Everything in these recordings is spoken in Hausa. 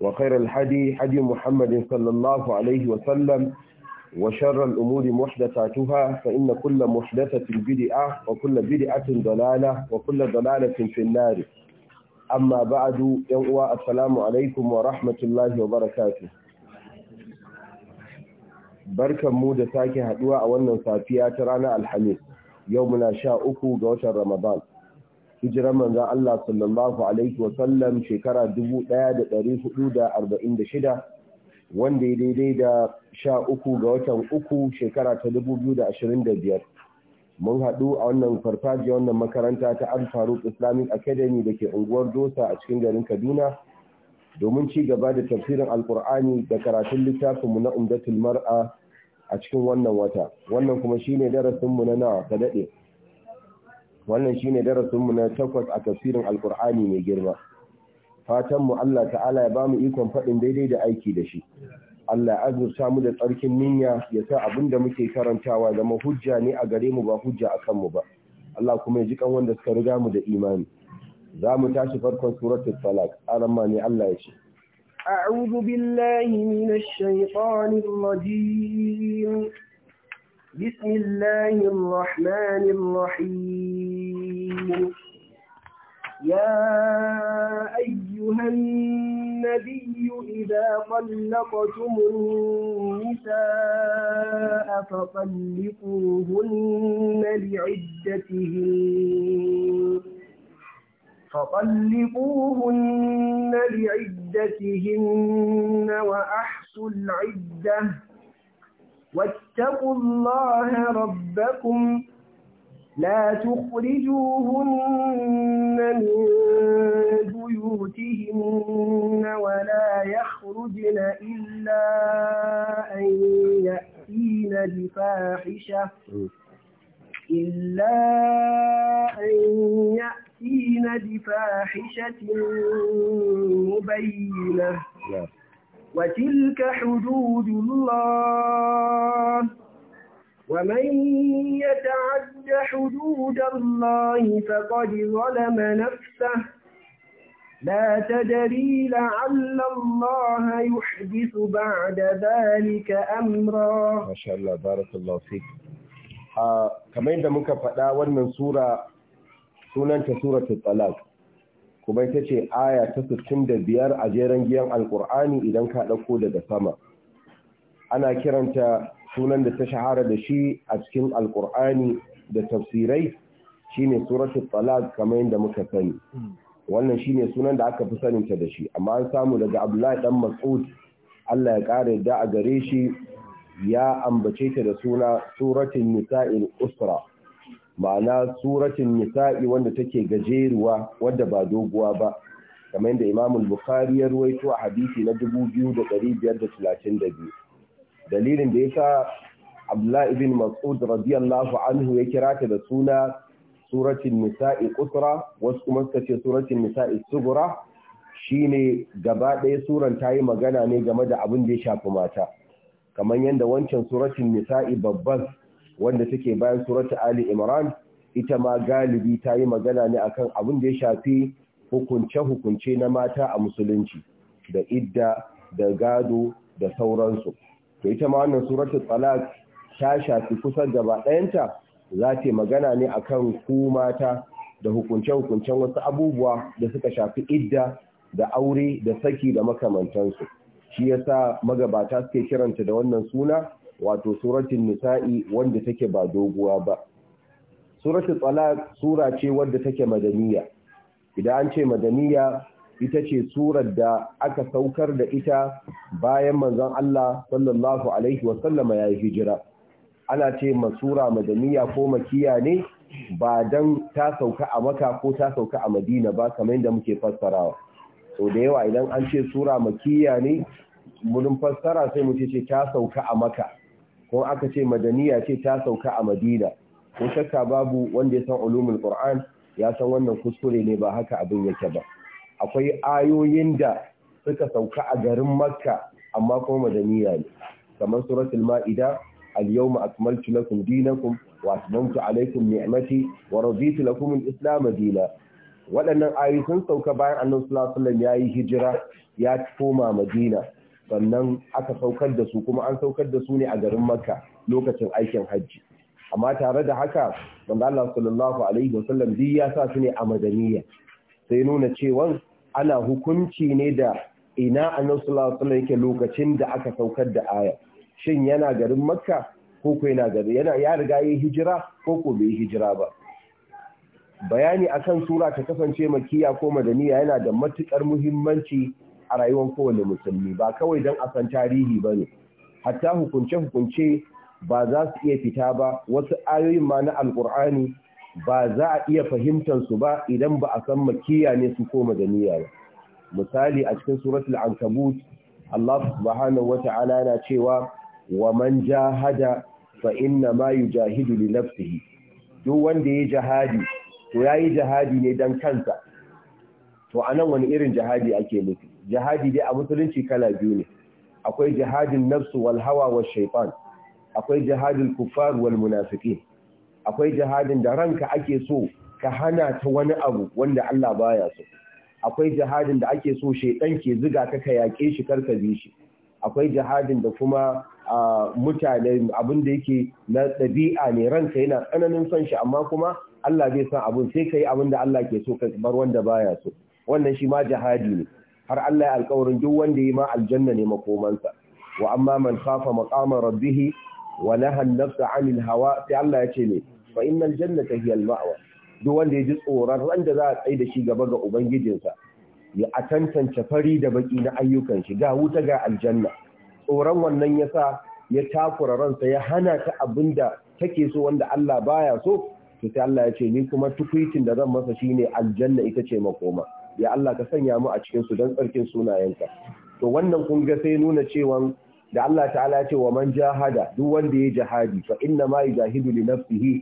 وخير الحدي حدي محمد صلى الله عليه وسلم وشر الأمور محدثاتها فإن كل محدثة بدعة وكل بدعة ضلالة وكل ضلالة في النار أما بعد يوم السلام عليكم ورحمة الله وبركاته barkan mu da sake haduwa a wannan safiya ta ranar alhamis yau muna sha uku ga watan ramadan hijirar manzan Allah sallallahu Alaihi wasallam shekara 1446 wanda ya daidai da sha uku ga watan uku shekara ta 2025 mun haɗu a wannan farfajiya wannan makaranta ta al faruk islamic academy da ke unguwar dosa a cikin garin kaduna domin ci gaba da tafsirin alkur'ani da karatun littafinmu na umdatul mar'a a cikin wannan wata wannan kuma shine darasinmu na nawa ka daɗe wannan shi shine darasinmu na takwas a tafsirin alkur'ani mai girma fatanmu Allah ta'ala ya bamu ikon faɗin daidai da aiki da shi Allah ya azurta mu da tsarkin niyya ya sa abin da muke karantawa da hujja ne a gare mu ba hujja a kanmu ba Allah kuma ya ji kan wanda suka riga mu da imani za mu tashi farkon suratul talaq alamma ne Allah ya ce أعوذ بالله من الشيطان الرجيم بسم الله الرحمن الرحيم يا أيها النبي إذا طلقتم النساء فطلقوهن لعدتهن فطلقوهن لعدتهن وأحصوا العدة واتقوا الله ربكم لا تخرجوهن من بيوتهن ولا يخرجن إلا أن يأتين بفاحشة إلا أن يأتين بفاحشة مبينة نعم. وتلك حدود الله ومن يتعد حدود الله فقد ظلم نفسه لا تدري لعل الله يحدث بعد ذلك أمرا ما شاء الله بارك الله فيك آه، كما عندما muka faɗa من سورة سورة الطلاق kuma ita ce aya ta 65 a jeren giyan alkur'ani idan ka ɗauko daga sama ana kiranta sunan da ta shahara da shi a cikin alkur'ani da tafsirai shine suratul talaq kamar yadda muka sani wannan shine sunan da aka fi saninta da shi amma an samu daga abdullahi dan mas'ud Allah ya kare da a gare shi ya ambace ta da suna suratul nisa'il usra ma'ana suratin nisa'i wanda take gajeruwa wadda ba doguwa ba kamar yadda imamul bukhari ya ruwaito a hadisi na 2532 dalilin da yasa abdullah ibn mas'ud radiyallahu anhu ya kira ta da suna suratin nisa'i kusura wasu kuma suka ce suratin nisa'i sugura shine gaba ɗaya suran ta yi magana ne game da abin da ya shafi mata kamar yadda wancan suratin nisa'i babban wanda take bayan suratu Ali Imran ita ma galibi ta yi magana ne akan abin da ya shafi hukunce-hukunce na mata a musulunci da idda da gado da sauransu to ita ma wannan suratu talaq ta shafi kusan gaba ɗayanta za ta magana ne akan ku mata da hukunce-hukuncen wasu abubuwa da suka shafi idda da aure da saki da makamantansu shi yasa magabata suke kiranta da wannan suna wato suratul nisa'i wanda take ba doguwa ba suratul talaq sura ce wanda take madaniya idan an ce madaniya ita ce surar da aka saukar da ita bayan manzon Allah sallallahu alaihi wa sallama ya hijira ana ce masura madaniya ko makiya ne ba dan ta sauka a maka ko ta sauka a madina ba kamar yadda muke fassarawa so da yawa idan an ce sura makiya ne mun fassara sai mu ce ta sauka a maka ko aka ce madaniya ce ta sauka a madina ko shakka babu wanda ya san Ulumil qur'an ya san wannan kuskure ne ba haka abin yake ba akwai ayoyin da suka sauka a garin makka amma kuma madaniya ne kamar suratul ma'ida al-yawma akmaltu lakum dinakum alaykum ni'mati wa raditu islam dinan waɗannan ayoyi sun sauka bayan annabi sallallahu alaihi wasallam yayi hijira ya koma madina sannan aka saukar da su kuma an saukar da su ne a garin makka lokacin aikin hajji amma tare da haka manzo Allah sallallahu alaihi wasallam duk ya sa su ne a madaniya sai nuna cewa ana hukunci ne da ina annabi sallallahu alaihi wasallam yake lokacin da aka saukar da aya shin yana garin makka ko ko yana gari yana ya riga yi hijira ko ko bai hijira ba bayani akan sura ta kasance makiya ko madaniya yana da matukar muhimmanci a rayuwar kowane musulmi ba kawai don a san tarihi ba ne hatta hukunce-hukunce ba za su iya fita ba wasu ayoyin ma na alkur'ani ba za a iya fahimtar su ba idan ba a san makiya ne su ko madaniya ba misali a cikin suratul ankabut Allah subhanahu wata'ala yana cewa wa man jahada fa inna ma yujahidu li nafsihi duk wanda yayi jihadi to yayi jihadi ne dan kansa to anan wani irin jihadi ake nufi jihadi dai a musulunci kala biyu ne akwai jihadin nafsu wal hawa wa shaitan akwai jihadin kufar wal munafiki akwai jihadin da ranka ake so ka hana ta wani abu wanda Allah baya so akwai jihadin da ake so shaitan ke ziga ka ka yake shi karka bi shi akwai jihadin da kuma mutane abin da yake na ɗabi'a ne ranka yana tsananin son shi amma kuma Allah bai san abin sai ka yi abin da Allah ke so ka bar wanda baya so wannan shi ma jihadi ne har Allah ya alƙawarin duk wanda yi ma aljanna ne makomansa wa amma man khafa maqama rabbih wa laha an-nafsa hawa sai Allah ya ce ne fa innal jannata hiya al-ma'wa duk wanda ya ji tsoron da za a tsaye da shi gaba ga ubangijinsa ya a tantance fari da baki na ayyukan shi ga wuta ga aljanna tsoron wannan yasa ya takura ransa ya hana ta abinda take so wanda Allah baya so to sai Allah ya ce ni kuma tukuitin da zan masa shine aljanna ita ce makoma ya Allah ka sanya mu a cikin su don tsarkin sunayenka to wannan kun ga sai nuna cewa da Allah ta'ala ce wa man jahada duk wanda yayi jihadi fa inna ma yajahidu li nafsihi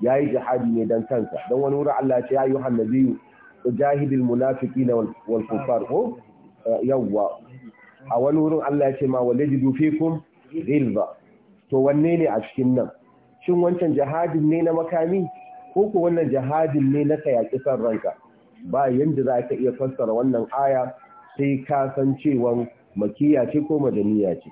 yayi jihadi ne dan kansa dan wani wurin Allah ce ya ayyuhan nabiyyu jahidil munafiqina wal kufar ko yawwa a wani wurin Allah ya ce ma walajidu fikum ghilza to wanne ne a cikin nan shin wancan jihadin ne na makami ko ko wannan jihadin ne na kayaki san ranka ba yanda za ka iya fassara wannan aya sai ka san cewa makiya ce ko madaniya ce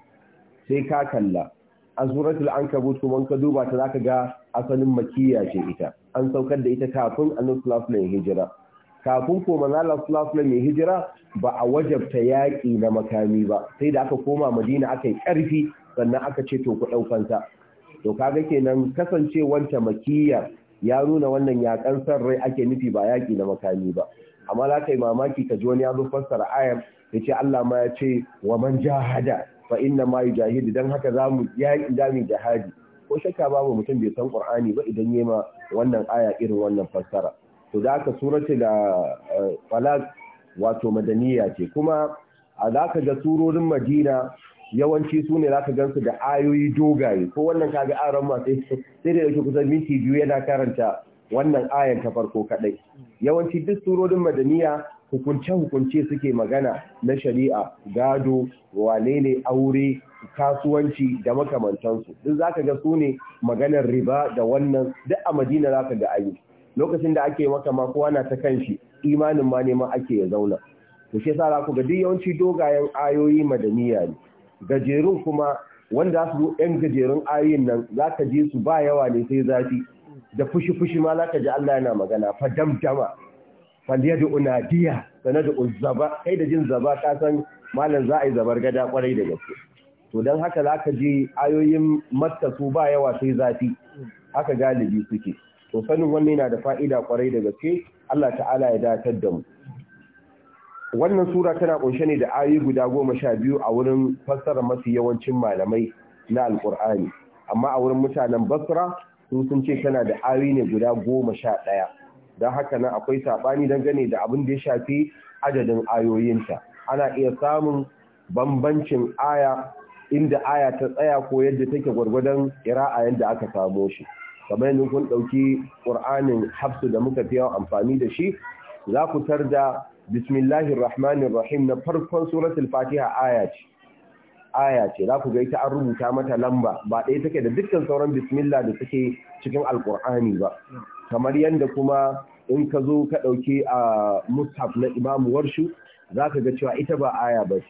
sai ka kalla a suratul ankabut kuma ka duba ta zaka ga asalin makiya ce ita an saukar da ita kafin annabi sallallahu alaihi hijira kafin ko manzo sallallahu alaihi hijira ba a wajabta yaƙi na makami ba sai da aka koma Madina aka yi ƙarfi sannan aka ce to ku ɗaukanta. ta to kaga kenan kasancewar ta Makiya. ya nuna wannan yakan san rai ake nufi ba yaƙi na makami ba amma za ka yi mamaki ka ji wani ya zo fassara ayar ya ce Allah ma ya ce wa man jahada fa inna ma jahidi don haka za mu yaƙi za mu ko shakka babu mutum bai san Qur'ani ba idan ya ma wannan aya irin wannan fassara to da haka surati da eh, falak wato madaniya ce kuma a za ka ga surorin Madina yawanci su ne zaka gansu da ayoyi dogaye ko wannan kaga aran masu sai sai da yake kusan minti biyu yana karanta wannan ayan ta farko kadai yawanci duk surorin madaniya hukunce hukunce suke magana na shari'a gado wane ne aure kasuwanci da makamantansu duk zaka ga su ne maganar riba da wannan duk a madina zaka ga ayi lokacin da ake maka ma kowa na ta kanshi imanin ma neman ake ya zauna to shi yasa za ku ga duk yawanci dogayen ayoyi madaniya ne gajerun kuma wanda su zo yan gajerun ayoyin nan za ka je su ba yawa ne sai zafi da fushi-fushi ma za ka ji Allah yana magana fa damdama fal yadu unadiya da uzzaba kai da jin zaba ka san malam za a yi zabar gada kwarai da gaske to dan haka za ka je ayoyin makka su ba yawa sai zafi haka galibi suke to sanin wannan yana da fa'ida kwarai da gaske Allah ta'ala ya datar da mu wannan sura tana kunshe ne da ayoyi guda goma sha biyu a wurin fassara mafi yawancin malamai na alkur'ani amma a wurin mutanen basra sun sun ce tana da ayoyi ne guda goma sha ɗaya don haka nan akwai saɓani dangane da abin da ya shafi adadin ayoyinta ana iya samun bambancin aya inda aya ta tsaya ko yadda take gwargwadon a yadda aka samo shi kamar yanzu kun ɗauki ƙur'anin hafsu da muka fi yawan amfani da shi za ku tar da bismillahir rahmanir rahim na farkon suratul fatiha aya ce aya ce za ku ga ita an rubuta mata lamba ba ɗaya take da dukkan sauran bismillah da take cikin alkur'ani ba kamar yadda kuma in ka zo ka ɗauki a mushaf na imamu warshu za ka ga cewa ita ba aya ba ce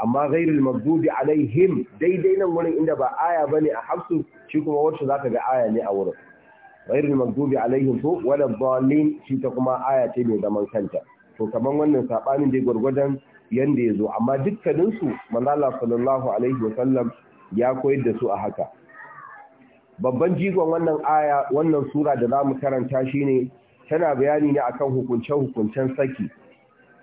amma ghairul maghdubi alaihim daidai nan wurin inda ba aya bane a hafsu shi kuma warshu za ka ga aya ne a wurin ghairul maghdubi alaihim ko wala dhalin shi ta kuma aya ce mai zaman kanta to kaman wannan sabanin dai gwargwadon yanda ya zo amma dukkaninsu manzo Allah sallallahu alaihi wa sallam, ya koyar da su a haka babban jigon wannan aya wannan sura da za mu karanta shine tana bayani ne akan hukunce-hukuncen saki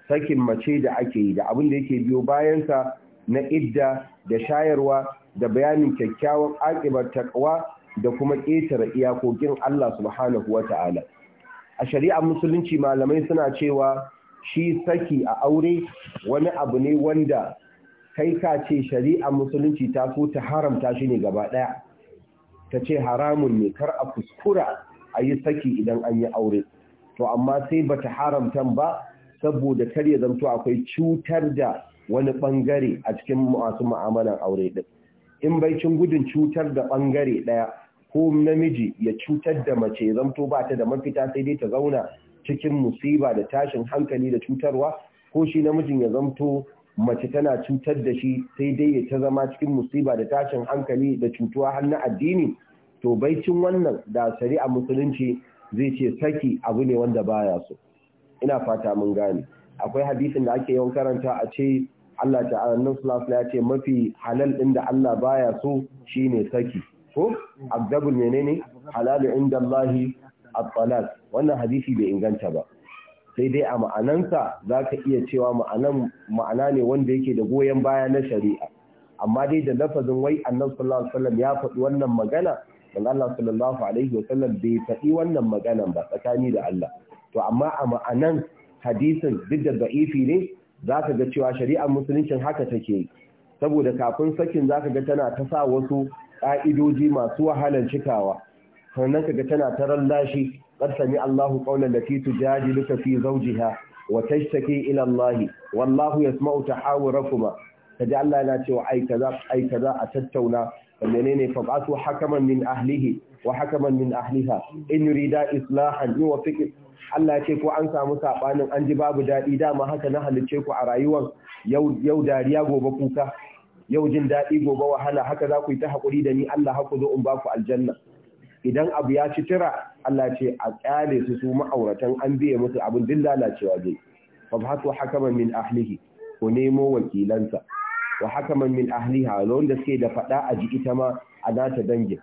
sakin mace da ake yi da abin da yake biyo bayansa na idda da shayarwa da bayanin kyakkyawan akibar takwa da kuma ƙetare iyakokin Allah subhanahu ta'ala. a shari'ar musulunci malamai suna cewa shi saki a aure wani abu ne wanda kai ka ce shari'a musulunci ta so ta haramta shi ne gaba ɗaya ta ce haramun ne kar a kuskura a yi saki idan an yi aure to amma sai bata haramtan ba saboda kar ya zamto akwai cutar da wani bangare a cikin masu ma'amalan aure ɗin in baicin gudun cutar da ɓangare ɗaya ko namiji ya cutar da mace ya zamto ba ta da mafita sai dai ta zauna cikin musiba da tashin hankali da cutarwa ko shi namijin ya zamto mace tana cutar da shi sai dai ya ta zama cikin musiba da tashin hankali da cutuwa har na addini to baicin wannan da a musulunci zai ce saki abu ne wanda baya so ina fata mun gane akwai hadisin da ake yawan karanta a ce Allah ta'ala nan ya ce mafi halal din da Allah baya so shine saki ko abdabul menene halalu inda Allah at-talaq wannan hadisi bai inganta ba sai dai a ma'anansa za ka iya cewa ma'anan ma'ana ne wanda yake da goyon baya na shari'a amma dai da lafazin wai annabi sallallahu alaihi wasallam ya faɗi wannan magana dan Allah sallallahu alaihi wasallam bai faɗi wannan magana ba tsakani da Allah to amma a ma'anan hadisin duk da da'ifi ne za ka ga cewa shari'ar musuluncin haka take saboda kafin sakin za ka ga tana ta sa wasu ƙa'idoji masu wahalar cikawa sannan kaga tana taran lashi qad sami Allahu qawlan lati tujadiluka fi zawjiha wa tashtaki ila Allah wallahu yasma'u tahawurakuma kaji Allah yana cewa ai kaza ai kaza a tattauna menene fab'atu hakaman min ahlihi wa hakaman min ahliha in yurida islahan yuwaffiq Allah ce ko an samu sabanin an ji babu dadi dama haka na halice ku a rayuwar yau yau dariya gobe kuka yau jin dadi gobe wahala haka za ku yi ta hakuri da ni Allah haku zo in ba ku aljanna idan abu ya ci tira Allah ce a kyale su su ma'auratan an biye musu abin din lalacewa zai fabhatu hakaman min ahlihi ko nemo wakilansa wa hakaman min ahliha da suke da fada a ji ita ma a nata dangin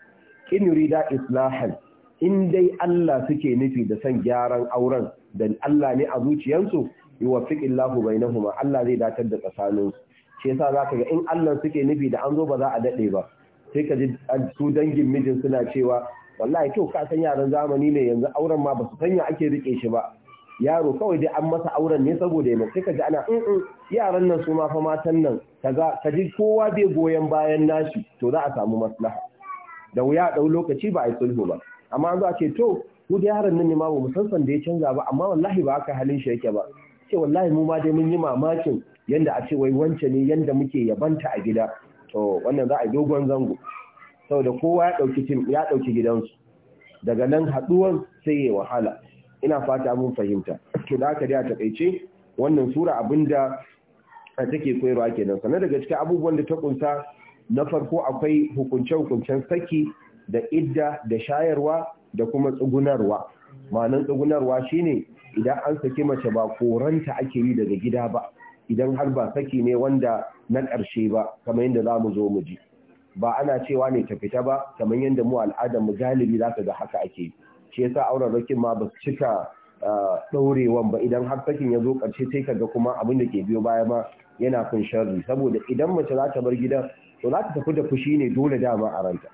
in yurida islahan in dai Allah suke nufi da san gyaran auren da Allah ne a zuciyarsu, zuciyansu yuwaffiqillahu bainahuma Allah zai datar da tsakaninsu shi yasa zaka ga in Allah suke nufi da an zo ba za a dade ba sai ka ji su dangin mijin suna cewa wallahi to ka san yaran zamani ne yanzu auren ma ba su sanya ake rike shi ba yaro kawai dai an masa auren ne saboda yana sai ka ana in mm, mm, yaran nan su ma fa matan nan kaga ka ji kowa bai goyon bayan nashi to za a samu maslaha da wuya dau lokaci ba a yi sulhu ba amma an zo a ce to ku da yaran nan ne ma ba mu san da ya canza ba amma wallahi ba haka halin shi yake ba ce wallahi mu ma dai mun yi mamakin yanda a ce wai wance ne yanda muke yabanta a gida to wannan za a yi dogon zango saboda kowa ya ɗauki tim ya ɗauki gidansu daga nan haɗuwar sai ya wahala ina fata mun fahimta to da ka riya a taƙaice wannan sura abinda take koyarwa kenan sannan daga cikin abubuwan da ta kunsa na farko akwai hukunce-hukuncen saki da idda da shayarwa da kuma tsugunarwa ma'anan tsugunarwa shine idan an saki mace ba koranta ake yi daga gida ba idan har ba saki ne wanda na ƙarshe ba kamar yadda za mu zo mu ji ba ana cewa ne ta fita ba kamar yadda mu al'adar mu galibi za ka ga haka ake shi yasa auren rakin ma ba su cika ah, ɗaurewan ba idan har sakin ya zo ƙarshe sai ka ga kuma abin da ke biyo baya ma yana kun sharri saboda idan mace za ta bar gidan to za ta tafi da fushi ne dole dama a ranta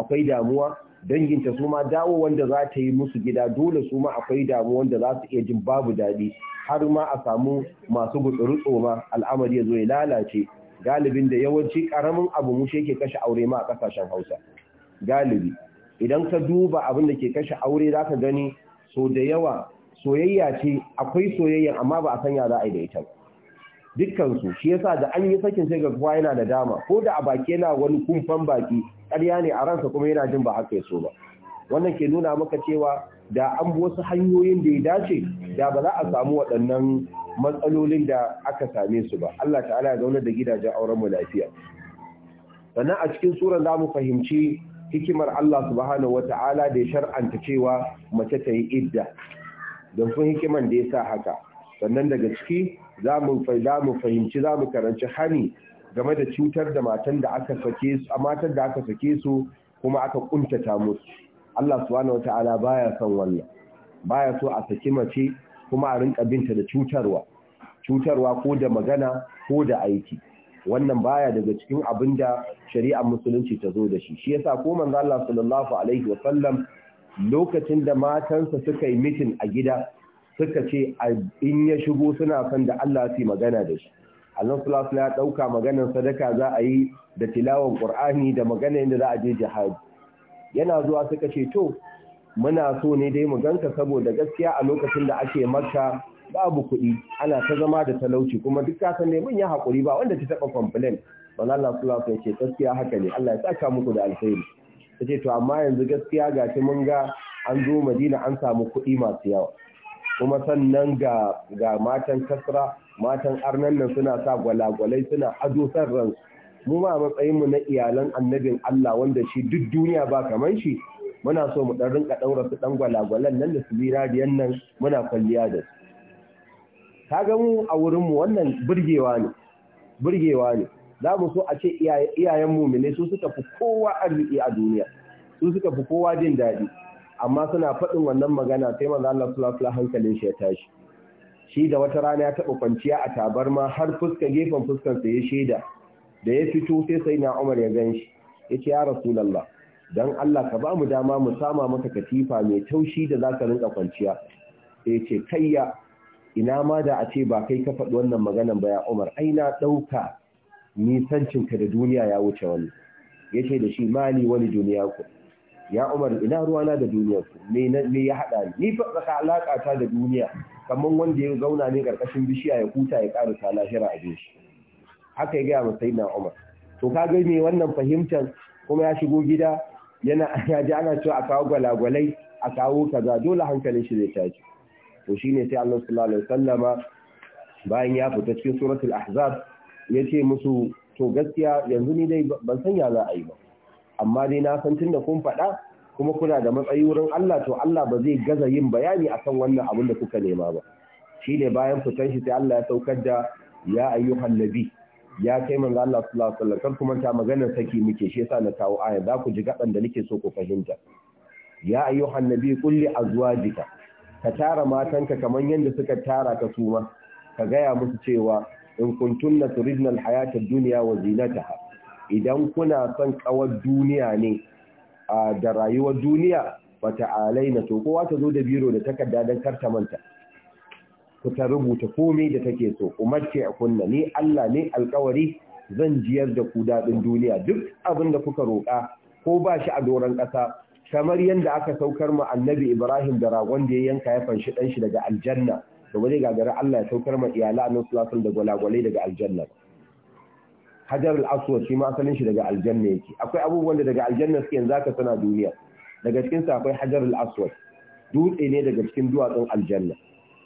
akwai damuwa danginta su ma dawo wanda za ta yi musu gida dole su ma akwai damuwa wanda za su iya jin babu daɗi har ma a samu masu gutsuru ma al'amari ya zo ya lalace galibin da yawanci karamin abu mu shi yake kashe aure ma a kasashen Hausa galibi idan ka duba abin da ke kashe aure zaka gani so da yawa soyayya ce akwai soyayya amma ba a san ya za a yi da ita dukkan su shi yasa da an yi sakin sai ga kowa yana da dama ko da a baki yana wani kumfan baki ƙarya ne a ransa kuma yana jin ba haka ya so ba wannan ke nuna maka cewa da an bi wasu hanyoyin da ya dace da ba za a samu waɗannan matsalolin da aka same su ba Allah ta'ala ya zauna da gidajen auren mu lafiya sannan a cikin suran za mu fahimci hikimar Allah subhanahu wata'ala da ya shar'anta cewa mace ta yi idda don sun hikiman da ya sa haka sannan daga ciki za mu fahimci za mu karanci hani game da cutar da matan da aka sake su a matan da aka sake su kuma aka kuntata musu Allah subhanahu wata'ala baya son wannan baya so a saki mace kuma a rinka binta da cutarwa cutarwa ko da magana ko da aiki wannan baya daga cikin abin da shari'ar musulunci ta zo da shi shi yasa ko manzo Allah sallallahu alaihi wa lokacin da matansa suka yi mitin a gida suka ce in ya shigo suna son da Allah su magana da shi Allah sallallahu ya dauka maganar sadaka za a yi da tilawan Qur'ani da maganar yadda za a je jihad yana zuwa suka ce to muna so ne dai mu ganka saboda gaskiya a lokacin da ake maka babu kuɗi ana ta zama da talauci kuma duk ka san ne mun yi haƙuri ba wanda ta taɓa complain manzo Allah sallallahu alaihi ce gaskiya haka ne Allah ya saka muku da alkhairi ce to amma yanzu gaskiya ga gashi mun ga an zo Madina an samu kuɗi masu yawa kuma sannan ga ga matan kasra matan arnan nan suna sa gwalagwalai suna ado san ransu mu ma matsayinmu na iyalan annabin Allah wanda shi duk duniya ba kamar shi muna so mu dan rinka daura su dan gwalagwalan nan da su birariyan nan muna kwalliya da su kaga mu a wurin wannan burgewa ne burgewa ne za mu so a ce iyayen mumine su suka fi kowa arziki a duniya su suka fi kowa jin daɗi amma suna faɗin wannan magana sai manzo Allah sallallahu alaihi hankalin shi ya tashi shi da wata rana ya taɓa kwanciya a tabarma har fuska gefen fuskansa ya shaida. da ya fito sai sai na umar ya gan shi ya ce ya rasulallah don Allah ka ba mu dama mu sama maka katifa mai taushi da za ka rinka kwanciya sai ce kayya ina ma da a ce ba kai ka faɗi wannan maganan ba ya umar ai na ɗauka nisancinka da duniya ya wuce wani ya ce da shi mali wani duniya ku ya umar ina ruwana da duniya ku me ya haɗa ni Ni tsaka alaƙa ta da duniya kamar wanda ya zauna ne ƙarƙashin bishiya ya huta ya ƙarasa lahira a shi haka ya gaya ma sayyidina Umar to ka ga me wannan fahimtar kuma ya shigo gida yana ya ji ana cewa a kawo gwalagwalai a kawo kaza dole hankalin shi zai tashi to shine sai Allah sallallahu alaihi wasallama bayan ya fita cikin suratul ahzab yace musu to gaskiya yanzu ni dai ban san ya za a yi ba amma dai na san tunda kun faɗa kuma kuna da matsayi wurin Allah to Allah ba zai gaza yin bayani akan wannan abin da kuka nema ba shine bayan fitan shi sai Allah ya saukar da ya ayyuhan nabi ya kai manzo Allah sallallahu alaihi wasallam kar ku manta maganar saki muke shi yasa na kawo aya za ku ji gaban da nake so ku fahimta ya ayyuhan nabi qul li azwajika ka tara matanka kaman yanda suka tara ka suma ka gaya musu cewa in kuntunna turidna alhayata ad-dunya wa zinataha idan kuna son kawar duniya ne da rayuwar duniya alaina to kowa ta zo da biro da takarda dan ta manta ku ta rubuta komai da take so umarce a kunna ni Allah ne alkawari zan jiyar da ku daɗin duniya duk abin da kuka roƙa ko ba shi a doron ƙasa kamar yadda aka saukar mu annabi Ibrahim da ragon da ya yanka ya fanshi ɗan shi daga aljanna to waje ga gagara Allah ya saukar ma iyala annabi sallallahu da gwalagwalai daga aljanna Hajar al-Aswad shi ma asalin shi daga aljanna yake akwai abubuwan da daga aljanna suke yanzu aka sana duniya daga cikin sa akwai Hajar al-Aswad dutse ne daga cikin duwatsun aljanna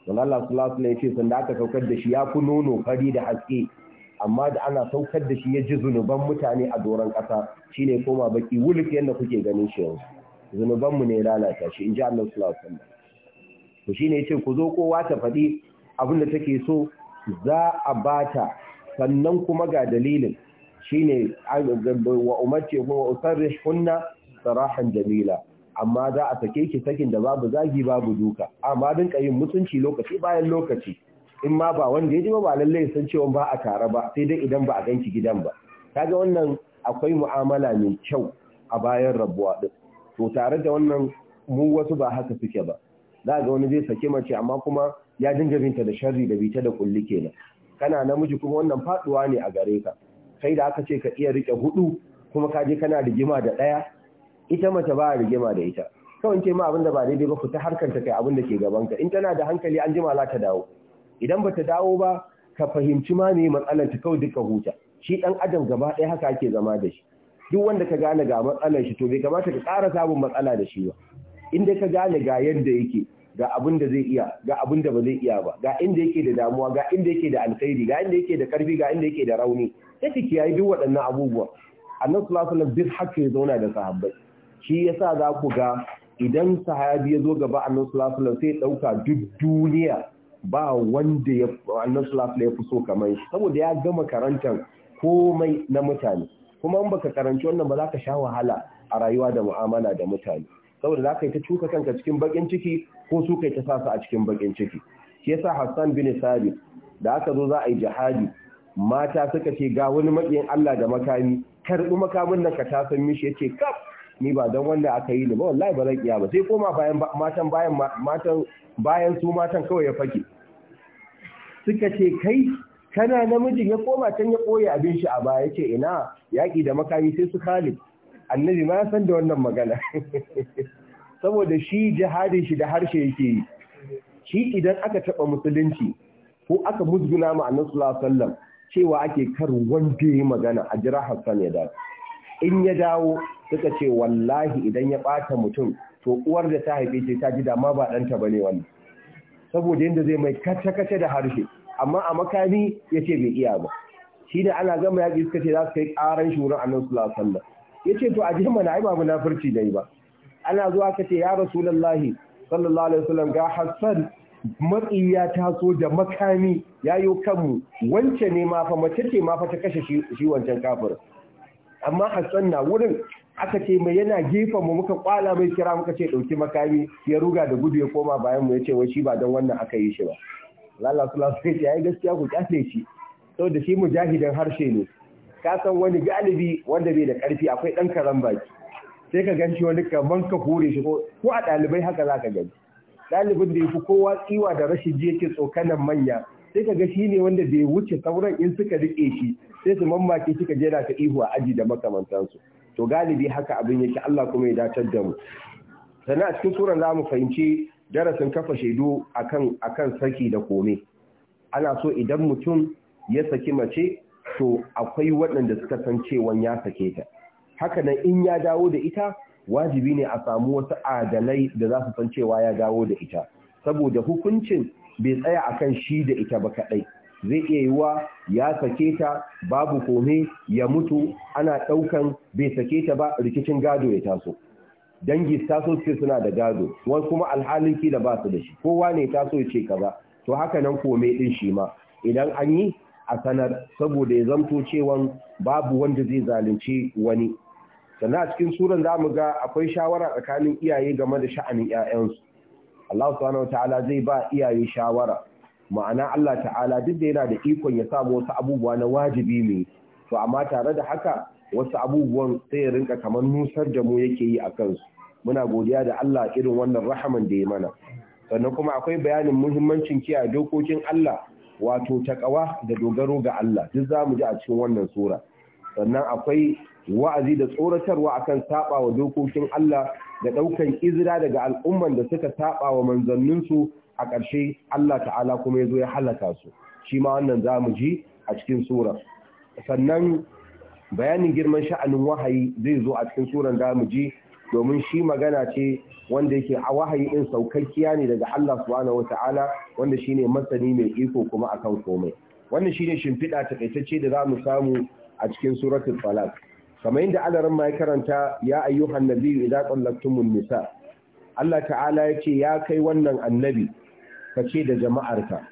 wanda Allah sallallahu alaihi wasallam sanda aka saukar da shi ya fi nono fari da haske amma da ana saukar da shi ya ji zunuban mutane a doron ƙasa shine koma baki wuluk yanda kuke ganin shi yanzu zunuban mu ne lalata shi inji Allah sallallahu alaihi wasallam to shine yace ku zo kowa ta faɗi abin da take so za a bata sannan kuma ga dalilin shine wa umarce kuma usarrish kunna sarahan jamila amma za a sake ki sakin da babu zagi babu duka amma din yin mutunci lokaci bayan lokaci in ma ba wanda ya ji ba lallai san cewa ba a tare ba sai dai idan ba a ganki gidan ba kaga wannan akwai mu'amala mai kyau a bayan rabuwa din to tare da wannan mu wasu ba haka suke ba za ga wani zai sake mace amma kuma ya dinga binta da sharri da bita da kulli kenan kana namiji kuma wannan faduwa ne a gare ka kai da aka ce ka iya rike hudu kuma ka je kana rigima da daya ita mace ba a rigima da ita kawai ce ma abin da ba daidai ba fita harkar ta kai abin da ke gaban ka in tana da hankali an jima za ta dawo idan ba ta dawo ba ka fahimci ma me matsalar ta kawai duka huta shi dan adam gaba ɗaya haka ake zama da shi duk wanda ka gane ga matsalar shi to bai kamata ka ƙara samun matsala da shi ba in dai ka gane ga yadda yake ga abin da zai iya ga abin da ba zai iya ba ga inda yake da damuwa ga inda yake da alkhairi ga inda yake da karfi ga inda yake da rauni sai ki kiyaye duk waɗannan abubuwa annabi sallallahu alaihi wasallam duk hakki ya zauna da sahabbai shi ya sa za ku ga idan sahabi ya zo gaba a sallallahu sai ɗauka duk duniya ba wanda ya annabi ya fi so kamar shi saboda ya gama karantar komai na mutane kuma in baka karanci wannan ba za ka sha wahala a rayuwa da mu'amala da mutane saboda za ka yi ta cuka kanka cikin bakin ciki ko su kai ta sasa a cikin bakin ciki shi yasa Hassan bin Sabit da aka zo za a yi jihadi mata suka ce ga wani makiyin Allah da makami karɓi makamin nan ka tasan mishi ce kaf ni ba don wanda aka yi ni ba wallahi ba zan iya ba sai koma bayan matan bayan matan bayan su matan kawai ya fake suka ce kai kana namijin ya koma can ya koya abin shi a baya yace ina yaki da makami sai su khalid annabi ma san da wannan magana saboda shi jihadin shi da harshe yake yi shi idan aka taɓa musulunci ko aka musguna ma annabi sallallahu alaihi wasallam cewa ake kar wanda yi magana a jira Hassan ya dawo in ya dawo suka ce wallahi idan ya ɓata mutum to uwar da ta haife ce ta ji dama ba ɗanta ba ne wani saboda yadda zai mai kace-kace da harshe amma a makami ya ce bai iya ba shi da ana gama yaƙi suka ce za su kai ƙaran shi wurin annan sallallahu alaihi ya ce to a ji mana ai ba munafurci da ba ana zuwa ka ce ya rasulullahi sallallahu alaihi wasallam ga hassan matsiya ya taso da makami ya yi kanmu wance ne ma fa mace ce ma fa ta kashe shi wancan kafir amma hassan na wurin aka ce mai yana gefen mu muka kwala mai kira muka ce dauki makami ya ruga da gudu ya koma bayan mu ya ce shi ba don wannan aka yi shi ba Allah sallallahu ya ce ya gaskiya ku kyale shi saboda shi mujahidan harshe ne ka san wani galibi wanda bai da karfi akwai ɗan karan baki sai ka ganci wani kaman ka hure shi ko ko a dalibai haka zaka gani Ɗalibin da yafi kowa tsiwa da rashin ji yake tsokanan manya sai ka ga shi ne wanda bai wuce sauran in suka rike shi sai su mamaki kika je ta ihu a aji da makamantansu to galibi haka abin yake Allah kuma ya dace da mu sannan a cikin suran zamu fahimci darasin kafa shaidu akan akan saki da kome ana so idan mutum ya saki mace to akwai waɗanda suka san cewa ya sake ta haka nan in ya dawo da ita wajibi ne a samu wasu adalai da za su san cewa ya dawo da ita saboda hukuncin bai tsaya akan shi da ita ba kaɗai zai iya yiwa ya sake ta babu kome ya mutu ana ɗaukan bai sake ta ba rikicin gado ya taso dangi taso suke suna da gado wasu kuma alhalin kila ba su da shi kowa ne taso ya ce kaza to haka nan kome ɗin shi ma idan an yi a sanar saboda ya zamto cewan babu wanda zai zalunci wani sannan a cikin suran za mu ga akwai shawara tsakanin iyaye game da sha'anin 'ya'yansu Allah subhanahu ta'ala zai ba iyaye shawara ma'ana Allah ta'ala duk da yana da ikon ya samu wasu abubuwa na wajibi ne to amma tare da haka wasu abubuwan sai ya rinka kamar nusar da mu yake yi a kansu muna godiya da Allah irin wannan rahaman da ya mana sannan kuma akwai bayanin muhimmancin kiyaye dokokin Allah wato takawa da dogaro ga Allah duk za mu ji a cikin wannan sura sannan akwai wa'azi da tsoratarwa akan saba wa dokokin Allah da daukan izira daga al'umman da suka saba wa manzanninsu a ƙarshe Allah ta'ala kuma ya zo ya halaka su shi ma wannan za mu ji a cikin surar sannan bayanin girman sha'anin wahayi zai zo a cikin surar da mu ji domin shi magana ce wanda yake a wahayi in saukakkiya ne daga Allah subhanahu ta'ala wanda shine masani mai iko kuma akan komai wannan shine shimfiɗa takaitacce da za mu samu a cikin suratul falaq kamar yadda alaran ma ya karanta ya ayyuhan nabiyyu idza tallaqtumun nisa Allah ta'ala ya ce ya kai wannan annabi ka ce da jama'arka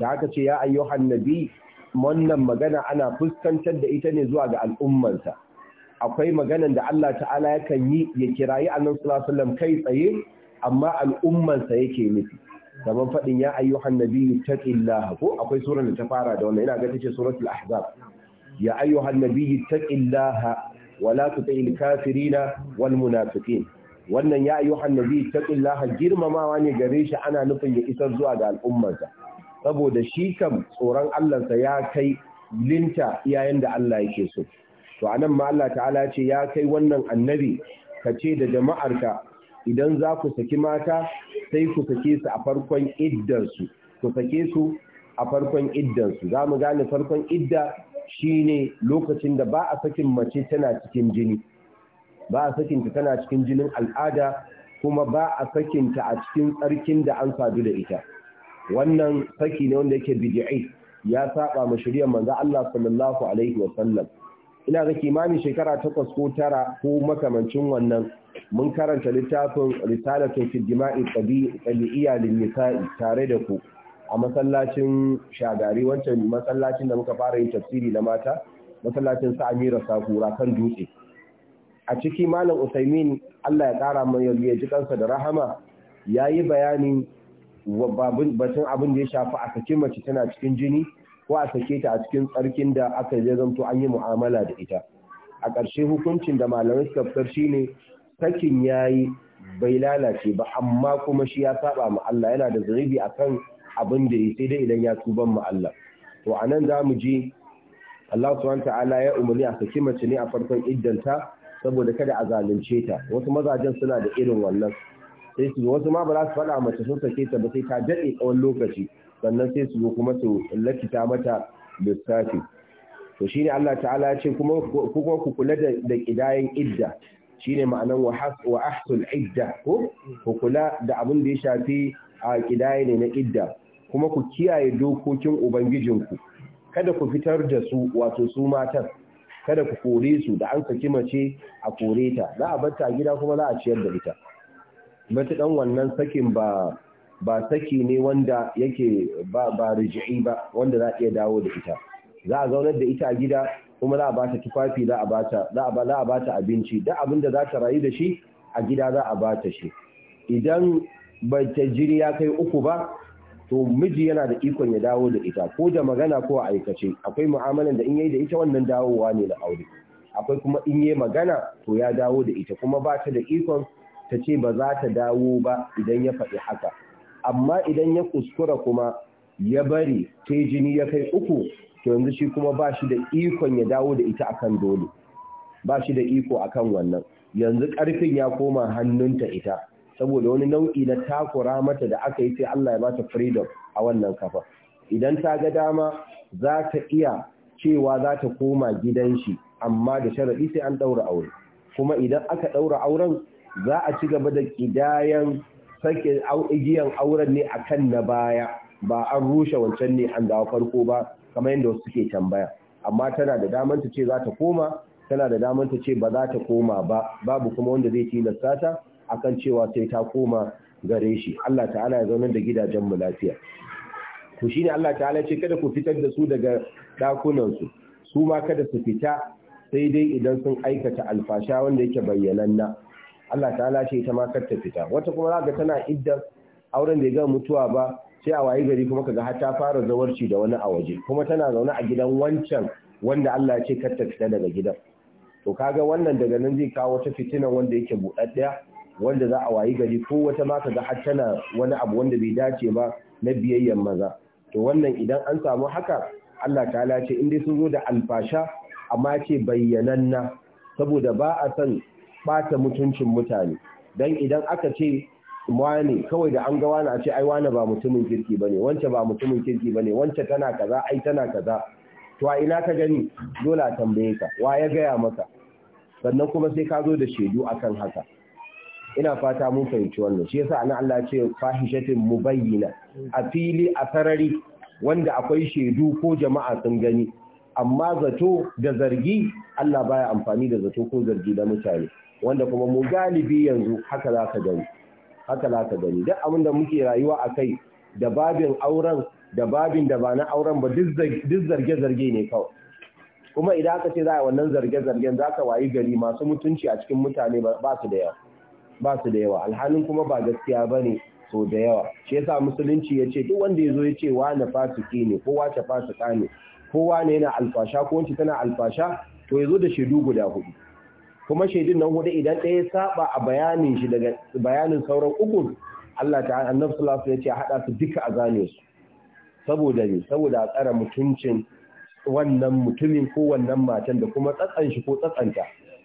da aka ce ya ayyuhan nabi wannan magana ana fuskantar da ita ne zuwa ga al'ummarsa akwai maganan da Allah ta'ala yakan yi ya kirayi annabi sallallahu alaihi wasallam kai tsaye amma al'ummarsa yake nufi kamar faɗin ya ayyuhan nabi ko akwai surar da ta fara da wannan ina ga tace suratul ahzab ya ayyuhan nabi wala tuti'il kafirina wal munafiqin wannan ya yi wa nabi taqillaha girmamawa ne gare shi ana nufin ya isar zuwa ga al'ummarsa saboda shi kam tsoron Allah ya kai linta iyayen da Allah yake so to anan ma Allah ta'ala ce ya kai wannan annabi ka ce da jama'arka idan za ku saki mata sai ku sake su a farkon iddarsu ku sake su a farkon iddansu za mu gane farkon idda shi ne lokacin da ba a sakin mace tana cikin jini ba a sakinta tana cikin jinin al'ada kuma ba a sakinta a cikin tsarkin da an sadu da ita wannan saki ne wanda yake bid'i ya saba ma shari'ar manzo Allah sallallahu alaihi wa sallam ina ga kimanin shekara takwas ko tara ko makamancin wannan mun karanta littafin risalatun fi jima'i tabi'iyya lin nisa'i tare da ku a masallacin shagari wancan masallacin da muka fara yin tafsiri na mata masallacin sa Amira Sakura kan dutse a ciki malam usaimin allah ya ƙara mai ya ji kansa da rahama ya yi bayani batun abin da ya shafi a sake mace tana cikin jini ko a sake ta a cikin tsarkin da aka zai zamto an yi mu'amala da ita a ƙarshe hukuncin da malamai suka fitar ne, sakin ya yi bai lalace ba amma kuma shi ya saba ma Allah yana da zunubi kan abin da ya sai dai idan ya tuban ma Allah to a anan mu je Allah subhanahu ta'ala ya umarni a sake mace ne a farkon iddanta saboda kada a zalunce ta wasu mazajen suna da irin wannan sai su wasu ma ba za su faɗa mace sun sake ta ba sai ta daɗe tsawon lokaci sannan sai su zo kuma su ta mata lissafi to shine Allah ta'ala ya ce kuma kuma ku kula da da kidayen idda shine ma'anan wa wa ahsul idda ko ku kula da abin da ya shafi a kidaye ne na idda kuma ku kiyaye dokokin ubangijinku kada ku fitar da su wato su matan kada ku kore su da an saki mace a kore ta za a batta a gida kuma za a ciyar da ita ɗan wannan sakin ba ba saki ne wanda yake ba ba riji'i ba wanda za a iya dawo da ita za a zaunar da ita a gida kuma za a bata tufafi za a bata za a ba za a bata abinci duk abin da za ta rayu da shi a gida za a bata shi idan ba ta jiri ya kai uku ba to miji yana da ikon ya dawo da ita ko da magana ko aikace akwai mu'amalan da in yayi da ita wannan dawowa ne na aure akwai kuma in yayi magana to ya dawo da ita kuma ba ta da ikon ta ce ba za ta dawo ba idan ya faɗi haka amma idan ya kuskura kuma ya bari ta jini ya kai uku to yanzu shi kuma ba shi da ikon ya dawo da ita akan dole ba shi da iko akan wannan yanzu ƙarfin ya koma hannunta ita saboda wani nau'i na takura mata da aka yi sai Allah ya bata freedom a wannan kafa idan ta ga dama za ta iya cewa za ta koma gidan shi amma da sharaɗi sai an ɗaura aure kuma idan aka ɗaura auren za a ci gaba da ƙidayen sake igiyan auren ne akan na baya ba an rushe wancan ne an dawo farko ba kamar yadda wasu suke tambaya amma tana da damar ta ce za ta koma tana da damar ta ce ba za ta koma ba babu kuma wanda zai tilasta ta akan cewa sai ta koma gare shi Allah ta'ala ya zaunar da gidajen mu lafiya to shine Allah ta'ala ce kada ku fitar da su daga dakunan su su ma kada su fita sai dai idan sun aikata alfasha wanda yake bayyananna Allah ta'ala ce ita ma kar ta fita wata kuma zaka tana iddan auren da ya ga mutuwa ba sai a wayi gari kuma kaga har ta fara zawarci da wani a waje kuma tana zaune a gidan wancan wanda Allah ya ce kar ta fita daga gidan to kaga wannan daga nan zai kawo wata fitinan wanda yake buɗaɗɗiya wanda za a wayi gari ko wata ma kaga har tana wani abu wanda bai dace ba na biyayyan maza to wannan idan an samu haka Allah ta'ala ce in dai sun zo da alfasha amma ce bayyananna saboda ba a san bata mutuncin mutane dan idan aka ce wani kawai da an ga wani a ce ai wani ba mutumin kirki bane wance ba mutumin kirki bane wance tana kaza ai tana kaza to a ina ka gani dole a tambaye ka wa ya gaya maka sannan kuma sai ka zo da shaidu akan haka ina fata mun fahimci wannan shi yasa anan Allah ce fahishatin mubayyina a fili a sarari wanda akwai shaidu ko jama'a sun gani amma zato da zargi Allah baya amfani da zato ko zargi da mutane wanda kuma mu galibi yanzu haka za ka gani haka za ka gani duk abin muke rayuwa a kai da babin auren da babin da ba na auren ba duk zarge-zarge ne kawai kuma idan aka ce za a wannan zarge-zargen za ka wayi gari masu mutunci a cikin mutane ba su da yawa ba su da yawa alhalin kuma ba gaskiya ba ne so da yawa shi yasa musulunci ya ce duk wanda ya zo ya ce wa na fasiki ne ko wace fasika ne ko ne yana alfasha ko wance tana alfasha to ya zo da shaidu guda hudu kuma shaidun nan hudu idan ɗaya ya saba a bayanin shi daga bayanin sauran uku Allah ta annabi sallallahu alaihi wasallam ya ce a hada su duka a gane su saboda ne saboda a tsara mutuncin wannan mutumin ko wannan matan da kuma tsatsan shi ko tsatsanta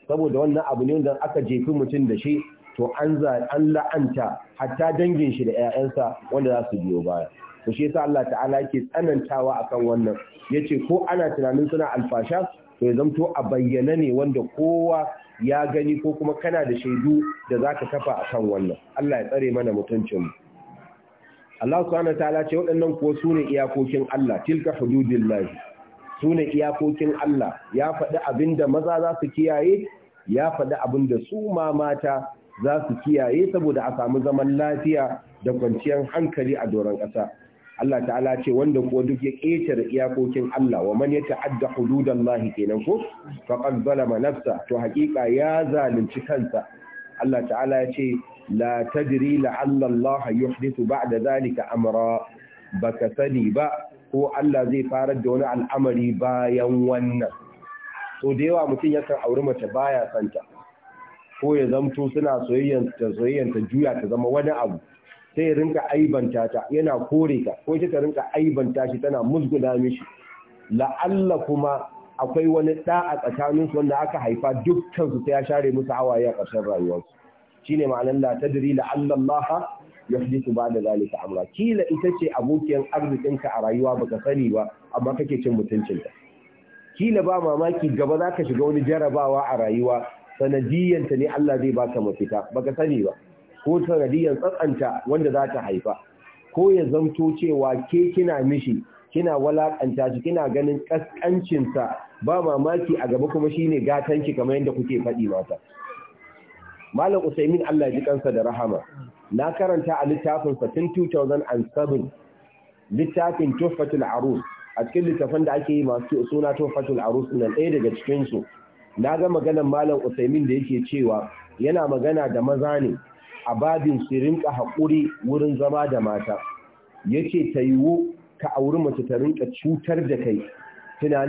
saboda wannan abu ne wanda aka jefi mutum da shi to an an la'anta hatta dangin shi da 'ya'yansa wanda za su biyo baya to shi yasa Allah ta'ala yake tsanantawa akan wannan yace ko ana tunanin suna alfasha to ya zamto a bayyana ne wanda kowa ya gani ko kuma kana da shaidu da zaka kafa akan wannan Allah ya tsare mana mutuncin mu Allah subhanahu ta'ala ce waɗannan kuwa sune iyakokin Allah tilka hududillahi sune iyakokin Allah ya faɗi abinda maza za su kiyaye ya faɗi abinda su ma mata za su kiyaye saboda a samu zaman lafiya da kwanciyar hankali a doron ƙasa Allah ta'ala ce wanda kuwa duk ya ƙetare iyakokin Allah wa man ya ta'adda hududallahi kenan ko faqad zalama nafsa to haƙiƙa ya zalunci kansa Allah ta'ala ya ce la tadri la'alla Allah yuhdithu ba'da zalika amra baka sani ba ko Allah zai fara da wani al'amari bayan wannan so da yawa mutum yakan auri mace baya santa ko ya zamto suna soyayyanta ta juya ta zama wani abu sai ya rinka aibanta ta yana kore ka ko ita ta rinka aibanta shi tana musguna mishi la'alla kuma akwai wani da a tsakaninsu wanda aka haifa su ta ya share musu hawaye a ƙarshen rayuwarsu shine ma'anar la tadri la'alla Allah ba da zalika amra kila ita ce abokiyan arzikinka a rayuwa baka sani ba amma kake cin mutuncinta kila ba mamaki gaba zaka shiga wani jarabawa a rayuwa sanadiyyanta ne Allah zai baka mafita baka sani ba ko sanadiyyan tsantsanta wanda za ta haifa ko ya zamto cewa ke kina mishi kina walakanta shi kina ganin kaskancinsa ba mamaki a gaba kuma shine gatanki kamar yadda kuke faɗi mata Malam Usaimin Allah ji kansa da rahama na karanta a littafin sa tun 2007 littafin Tuhfatul Arus a cikin littafin da ake yi masu suna Tuhfatul Arus nan ɗaya daga cikin su na ga maganan malam usaimin da yake cewa yana magana da maza ne a babin su rinka haƙuri wurin zama da mata yake ta yiwu ka auri mace ta rinka cutar da kai ka ya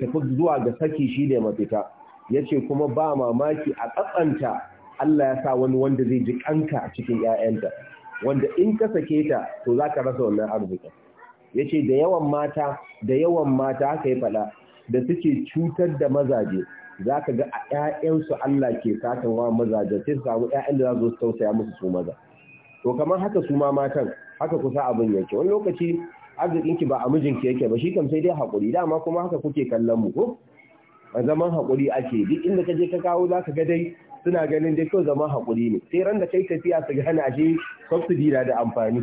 tafi zuwa ga saki shi ne mafita yace kuma ba mamaki a tsatsanta Allah ya sa wani wanda zai ji kanka cikin ƴaƴanta wanda in ka sake ta to zaka rasa wannan arziki yace da yawan mata da yawan mata haka ya faɗa da suke cutar da mazaje za ka ga a ‘ya'yansu Allah ke satan wa da sai samu ‘ya'yan da za su tausaya musu su maza. To kamar haka su ma matan haka kusa abin yake wani lokaci arzikin ki ba a mijinki yake ba shi kam sai dai haƙuri dama kuma haka kuke kallon mu ko a zaman haƙuri ake duk inda ka je ka kawo za ka ga dai suna ganin dai kyau zaman hakuri ne sai ran da kai tafiya su gane ashe subsidy na da amfani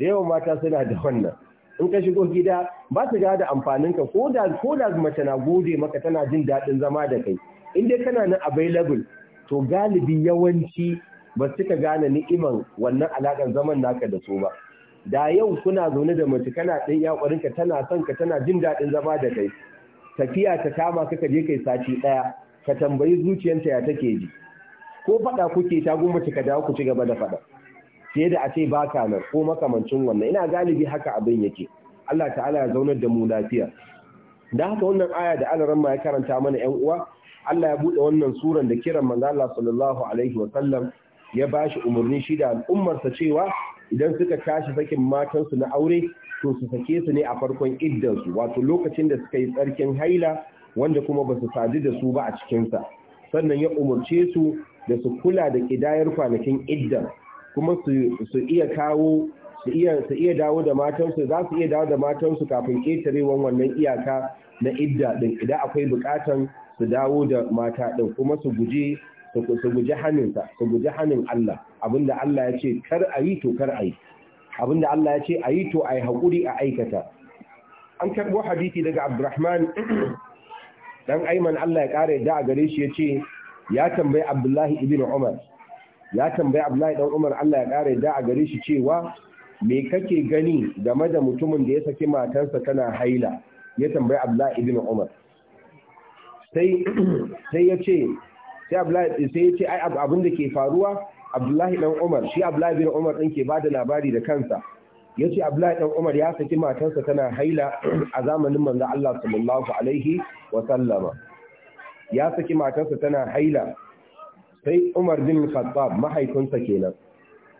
da yawan mata suna da wannan in ka shigo gida ba su ga da amfanin ka ko da ko da mace na gode maka tana jin daɗin zama da kai in dai kana nan available to galibi yawanci ba su ka gane ni'iman wannan alakan zaman naka da su ba da yau kuna zaune da mace kana ɗan yakwarin ka tana son ka tana jin daɗin zama da kai tafiya ta kama ka ka je kai sati ɗaya ka tambayi zuciyarta ya take ji ko faɗa kuke ta gumace ka dawo ku ci gaba da faɗa sai da a ce baka nan ko makamancin wannan ina galibi haka abin yake Allah ta'ala ya zaunar da mu lafiya da haka wannan aya da Allah ma ya karanta mana 'yan uwa Allah ya bude wannan suran da kiran manzo Allah sallallahu alaihi wa sallam ya bashi umarni shi da cewa idan suka tashi sakin matansu na aure to su sake su ne a farkon iddansu wato lokacin da suka yi tsarkin haila wanda kuma ba su sadu da su ba a cikinsa sannan ya umurce su da su kula da ƙidayar kwanakin iddan kuma su iya kawo su iya dawo da matansu za su iya dawo da matansu kafin ketarewan wannan iyaka na idda din idan akwai bukatan su dawo da mata din kuma su guji su guji hannunsa su guje hannun Allah abinda Allah ya ce kar a yi to kar a yi abinda Allah ya ce a yi to a yi haƙuri a aikata an karɓo hadisi daga Abdurrahman dan Aiman Allah ya ƙara da a gare shi ya ce ya tambayi Abdullahi ibn Umar ya tambayi Abdullahi dan Umar Allah ya kare da a gare shi cewa me kake gani game da mutumin da ya saki matarsa tana haila ya tambayi Abdullahi ibn Umar sai sai ya ce sai Abdullahi sai ya ce ai abin da ke faruwa Abdullahi dan Umar shi Abdullahi ibn Umar din ke bada labari da kansa ya ce Abdullahi dan Umar ya saki matarsa tana haila a zamanin manzo Allah sallallahu alaihi wa sallama ya saki matarsa tana haila sai Umar bin Khattab mahaifinsa kenan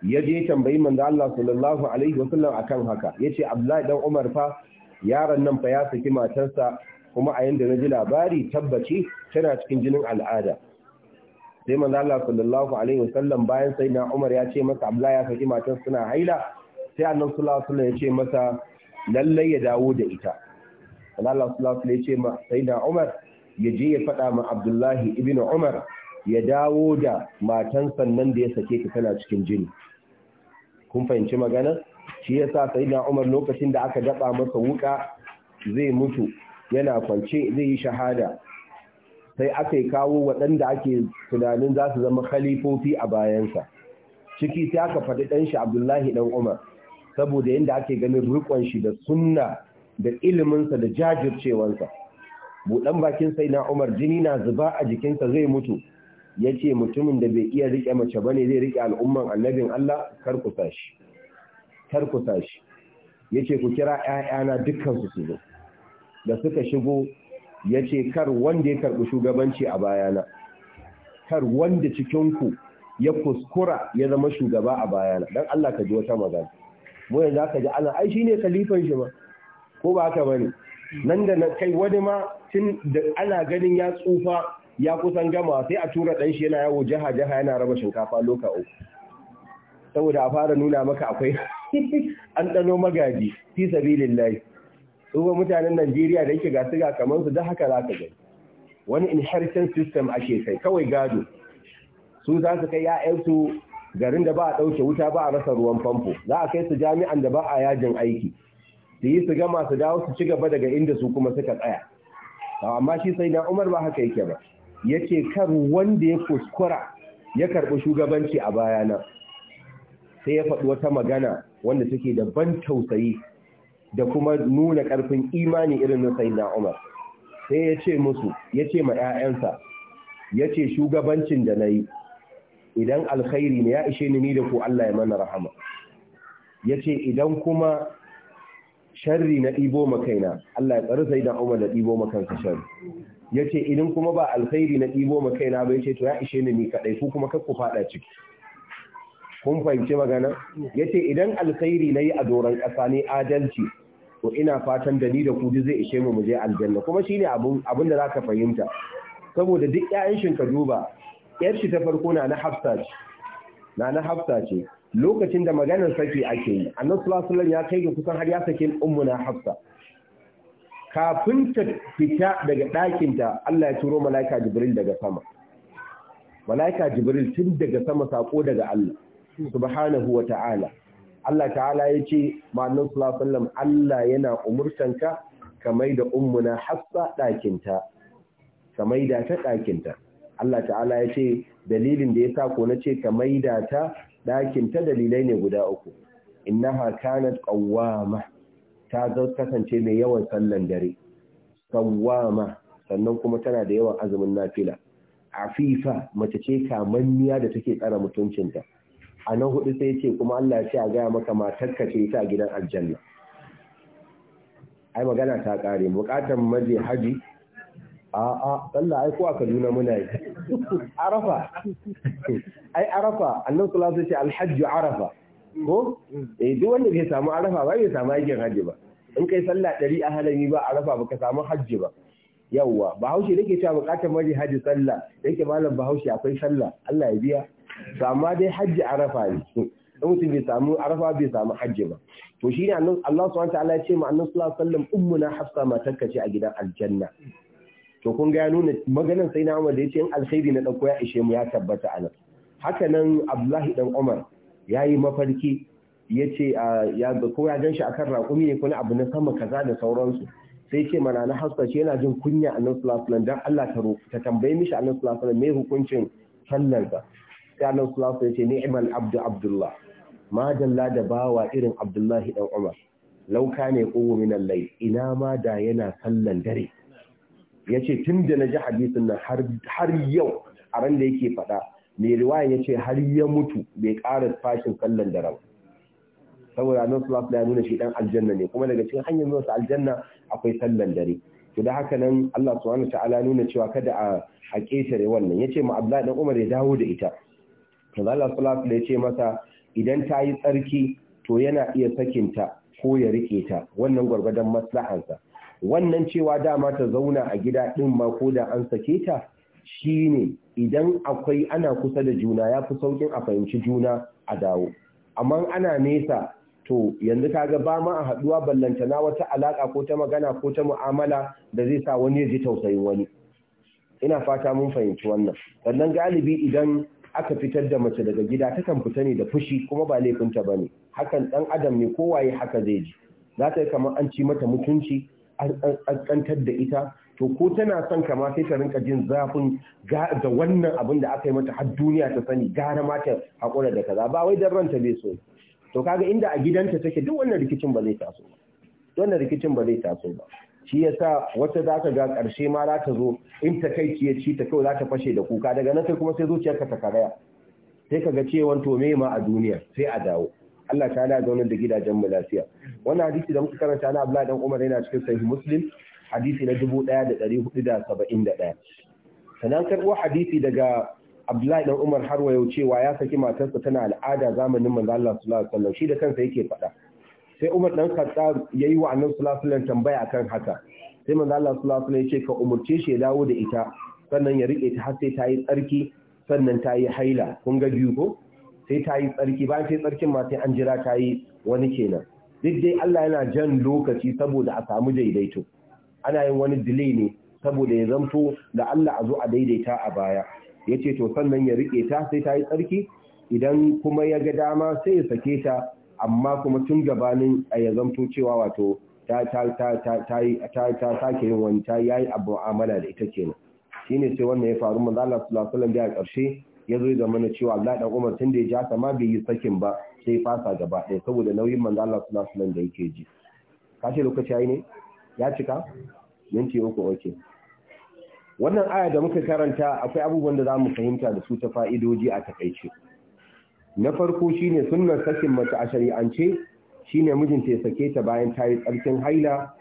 ya je tambayi manzo Allah sallallahu alaihi wasallam akan haka yace Abdullahi dan Umar fa yaron nan fa ya saki matarsa kuma a yanda na ji labari tabbaci tana cikin jinin al'ada sai manzo Allah sallallahu alaihi wasallam bayan sai na Umar ya ce masa Abdullahi ya saki matarsa suna haila sai Annabi sallallahu alaihi wasallam ya ce masa lalle ya dawo da ita Allah sallallahu alaihi wasallam ya ce ma sai na Umar ya je ya faɗa ma Abdullahi ibn Umar ya dawo da matan sannan da ya sake ka tana cikin jini kun fahimci magana shi ya sa, sai na Umar lokacin da aka daba masa wuƙa zai mutu yana kwance zai yi shahada sai aka yi kawo waɗanda ake tunanin za su zama khalifofi a bayansa ciki sai aka faɗi ɗan shi Abdullahi ɗan Umar saboda yadda ake ganin rikon shi da sunna da iliminsa da jajircewansa buɗan bakin sai na Umar jini na zuba a jikinsa zai mutu Yace mutumin da bai iya rike mace ba ne zai rike al'umman annabin Allah karkusa shi Kar ya ce ku kira ‘ya'yana dukkansu su zo da suka shigo Yace kar wanda ya karɓi shugabanci a bayana kar wanda cikinku ya kuskura ya zama shugaba a bayana don Allah ka ji wata magana mu yanzu aka ji ana ai shine khalifan shi ma ko ba haka bane nan da kai wani ma tun da ana ganin ya tsufa ya kusan gama sai a tura ɗan shi yana yawo jaha jaha yana raba shinkafa loka uku saboda a fara nuna maka akwai an ɗano magaji fi sabilin layi tsohon mutanen najeriya da yake gasu ga kamar su da haka za ka gani wani inheritance system ake kai kawai gado su za su kai 'ya'yansu garin da ba a ɗauke wuta ba a rasa ruwan famfo za a kai su jami'an da ba a yajin aiki su yi su gama su dawo su ci gaba daga inda su kuma suka tsaya amma shi sai na umar ba haka yake ba yace kar wanda ya kuskura ya karɓi shugabanci a baya bayana sai ya faɗi wata magana wanda take da ban tausayi da kuma nuna ƙarfin imani irin na sayyidina Umar sai ya ce musu ya ce ma 'ya'yansa ya ce shugabancin da na yi idan alkhairi ne ya ishe ni da ku Allah ya mana rahama ya ce idan kuma sharri na ɗibo kaina Allah ya tsari sai da Umar da ɗibo makansa sharri yace idan kuma ba alkhairi na ɗibo makaina ba yace to ya ishe ni ni kadai ku kuma kar ku fada ciki kun fahimci magana yace idan alkhairi nayi a doran ƙasa ne adalci to ina fatan da ni da ku zai ishe mu mu je aljanna kuma shine abun abun da zaka fahimta saboda duk ƴaƴan shin duba ƴar shi ta farko na na Hafsa ce na na Hafsa ce lokacin da maganar saki ake yi annabi sallallahu alaihi ya kai ga kusan har ya sake ummuna hafsa kafin ta fita daga ɗakinta Allah ya turo malaika jibril daga sama malaika jibril tun daga sama sako daga Allah subhanahu wa ta'ala Allah ta'ala ya ce ma annabi sallallahu alaihi Allah yana umurtanka ka da ummuna hafsa ɗakinta ka da ta ɗakinta Allah ta'ala ya ce dalilin da ya sa ko na ce ka maida ta ɗakin ta dalilai ne guda uku Inna kanat qawwama ta kasance mai yawan sallan dare qawwama sannan kuma tana da yawan azumin nafila afifa mace ce kamanniya da take tsara mutuncinta a nan hudu sai ce kuma Allah ce a gaya maka matarka ce ta gidan aljanna ai magana ta kare bukatar maje haji a a ai ko Kaduna muna yi arafa ai arafa annabi sallallahu alaihi wasallam ya alhajju arafa ko eh duk wanda bai samu arafa ba bai samu aikin hajji ba in kai sallah dari a halami ba arafa ba ka samu hajji ba yawwa bahaushe nake cewa bukatar mari hajji sallah yake malam bahaushe akwai sallah Allah ya biya to amma dai hajji arafa ne in mutum bai samu arafa bai samu hajji ba to shine Allah subhanahu wa ta'ala ya ce ma annabi sallallahu alaihi wasallam ummuna hafsa matarka ce a gidan aljanna to kun ga ya nuna maganan sai na Umar da yace in alkhairi na dauko ya ishe mu ya tabbata anan haka nan Abdullahi dan Umar yayi mafarki yace ya ko ya ganshi akan raƙumi ne ko abu na sama kaza da sauransu sai ce mana na haska shi yana jin kunya a sallallahu alaihi wasallam dan Allah ta ta tambaye mishi annabi sallallahu alaihi wasallam me hukuncin sallarsa sai annabi sallallahu alaihi wasallam ya ce ni'mal abdu abdullah ma dalla da bawa irin Abdullahi dan Umar lauka ne qawmin al ina ma da yana sallan dare ya ce tun da na ji hadisin nan har yau a ran da yake faɗa mai riwayan ya ce har ya mutu bai ƙara fashin sallan da rau saboda annabi nuna shi dan aljanna ne kuma daga cikin hanyar zuwa aljanna akwai sallan dare to da haka nan Allah subhanahu ta'ala nuna cewa kada a a ƙetare wannan yace ma Abdullahi dan Umar ya dawo da ita to Allah ya ce masa idan ta yi tsarki to yana iya sakinta ko ya rike ta wannan gwargwadon maslahansa wannan cewa dama ta zauna a gida ɗin ma ko da an sake ta shi ne. idan akwai ana kusa da juna ya fi saukin a fahimci juna a dawo amma ana nesa to yanzu ka ga ba ma a haɗuwa ballanta na wata alaƙa ko ta magana ko ta mu'amala da zai sa wani ya ji tausayin wani ina fata mun fahimci wannan sannan galibi idan aka fitar da mace daga gida takan fita ne da fushi kuma ba laifinta ba ne hakan ɗan adam ne kowaye haka zai ji za ta yi kamar an ci mata mutunci an kantar da ita to ko tana son kama sai ta rinka jin zafin ga wannan abin da aka yi mata har duniya ta sani gara mata haƙura da kaza ba wai dan ranta bai so to kaga inda a gidanta take duk wannan rikicin ba zai taso ba wannan rikicin ba zai taso ba shi yasa wata za ka ga ƙarshe ma za ta zo in ta kai ciye ci ta kai za ta fashe da kuka daga nan sai kuma sai zuciyarka ta karaya sai ka ga cewan to me ma a duniya sai a dawo Allah ta ala zaunar da gidajen mu lafiya wannan hadisi da muka karanta na Abdullahi dan Umar yana cikin sahih Muslim hadisi na 1471 sanan karbo hadisi daga Abdullahi dan Umar har wayo cewa ya saki matarsa tana al'ada zamanin manzo Allah sallallahu alaihi wasallam shi da kansa yake faɗa sai Umar dan Khattab yayi wa Annabi sallallahu alaihi wasallam tambaya akan haka sai manzo Allah sallallahu alaihi wasallam ya ce ka umurce shi ya dawo da ita sannan ya rike ta har sai ta yi tsarki sannan ta yi haila kun ga biyu ko sai ta yi tsarki bayan sai tsarkin ma sai an jira ta yi wani kenan duk dai Allah yana jan lokaci saboda a samu daidaito ana yin wani delay ne saboda ya zamto da Allah a zo a daidaita a baya ya ce to sannan ya rike ta sai ta yi tsarki idan kuma ya ga dama sai ya sake ta amma kuma tun gabanin a ya zamto cewa wato ta ta ta ta ta ta sake yin wani ta yayi abu amala da ita kenan shine sai wannan ya faru manzo Allah sallallahu alaihi wasallam da ƙarshe ya zo zama mana cewa Allah dan Umar tun da ya ja sama bai yi sakin ba sai fasa gaba ɗaya saboda nauyin manzo Allah sallallahu alaihi wasallam da yake ji ka ce lokaci yayi ne ya cika minti uku oke wannan aya da muka karanta akwai abubuwan da zamu fahimta da su ta fa'idoji a takaice na farko shine sunnar sakin mace a shari'ance shine mijinta ya sake ta bayan ta yi tsarkin haila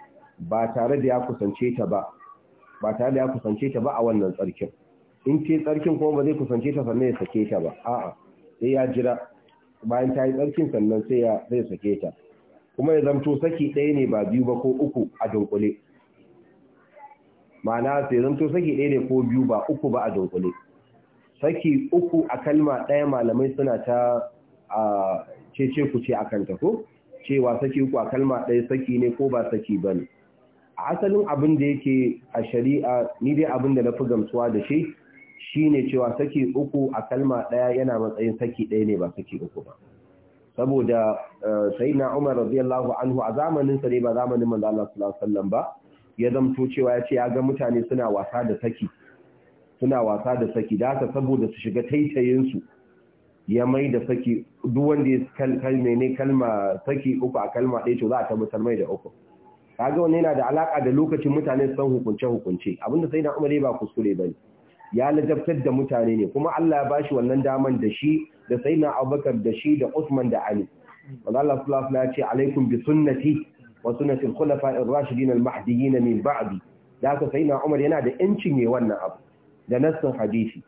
ba tare da ya kusance ta ba ba tare da ya kusance ta ba a wannan tsarkin in ce tsarkin kuma ba zai kusance ta sannan ya sake ta ba a'a sai ya jira bayan ta yi tsarkin sannan sai ya zai sake ta kuma ya zamto saki ɗaya ne ba biyu ba ko uku a dunkule ma'ana sai zamto saki ɗaya ne ko biyu ba uku ba a dunkule saki uku a kalma ɗaya malamai suna ta a cece ku ce akan ta ko cewa saki uku a kalma ɗaya saki ne ko ba saki ba ne a asalin abin da yake a shari'a ni dai abin da na fi gamsuwa da shi shine cewa saki uku a kalma ɗaya yana matsayin saki ɗaya ne ba saki uku ba saboda eh, sayyidina Umar radiyallahu anhu a zamanin sa ne ba zamanin manzo Allah sallallahu ba ya zamto cewa ya ce ya ga mutane suna wasa da saki suna wasa da saki da haka saboda su shiga taitayinsu ya mai da saki duk wanda ya kalme ne kalma saki uku a kalma ɗaya to za a tabbatar mai da uku kaga wannan yana da alaka da lokacin mutane san hukunce hukunce abinda sai na umar ba kuskure bane ya lajabtar da mutane ne kuma Allah ya bashi wannan daman da shi da sayyidina Abubakar da shi da Usman da Ali wanda Allah sallallahu alaihi ya ce alaikum bi sunnati wa sunnati al-khulafa'i ar-rashidin al-mahdiyyin min ba'di da ka sayyidina Umar yana da yancin ne wannan abu da nassin hadisi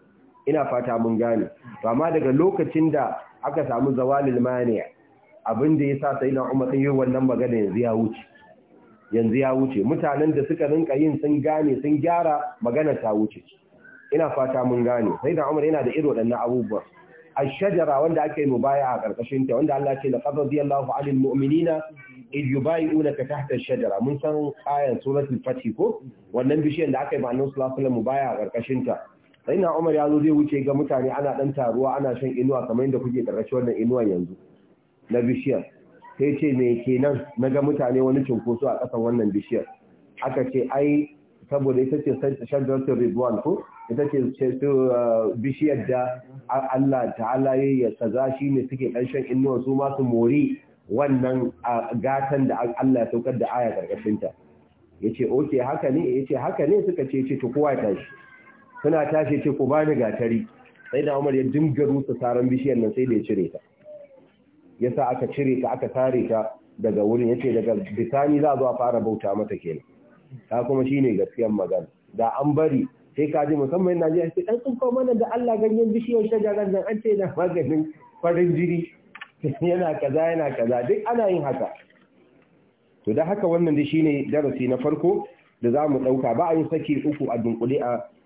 ina fata mun gane to amma daga lokacin da aka samu zawalil mani'a abin da yasa sayyidina Umar sai wannan magana yanzu ya wuce yanzu ya wuce mutanen da suka rinka yin sun gane sun gyara magana ta wuce ina fata mun gane sai da Umar yana da irin waɗannan abubuwa shajara wanda ake mubaya a karkashin ta wanda Allah ce laqad radiyallahu 'anil mu'minina idh yubayyi'unaka tahta ash-shajara mun san ayan suratul fath ko wannan bishiyar da aka yi ma'anar sallallahu alaihi mubaya a karkashin ta sai na Umar ya zo zai wuce ga mutane ana dan taruwa ana shan inuwa kamar yadda kuke karkashin wannan inuwan yanzu na bishiyar sai ce me kenan na ga mutane wani cunkoso a ƙasan wannan bishiyar aka ce ai saboda ita ce shajaratul ridwan ko ita ce uh, bishiyar da Allah ta'ala ya saza shi ne suke ƙarshen inuwa su masu mori wannan uh, gatan da Allah ya saukar da aya gargashinta ya ce oke haka ne ya ce haka ne suka ce ce to kowa tashi suna tashi ce ku bani gatari sai da umar ya dinga rusa saran bishiyar nan sai da ya cire ta ya sa aka cire ta aka tare ta daga wurin ya ce daga bisani za a zo fara bauta mata kenan ta kuma shine gaskiyar magana da an bari sai ka ji musamman Najeriya sai ɗan tsinko mana da Allah ganyen bishiyar shajarar nan an ce na maganin farin jiri yana kaza yana kaza duk ana yin haka to da haka wannan da shine darasi na farko da za mu ɗauka ba a yi saki uku a dunkule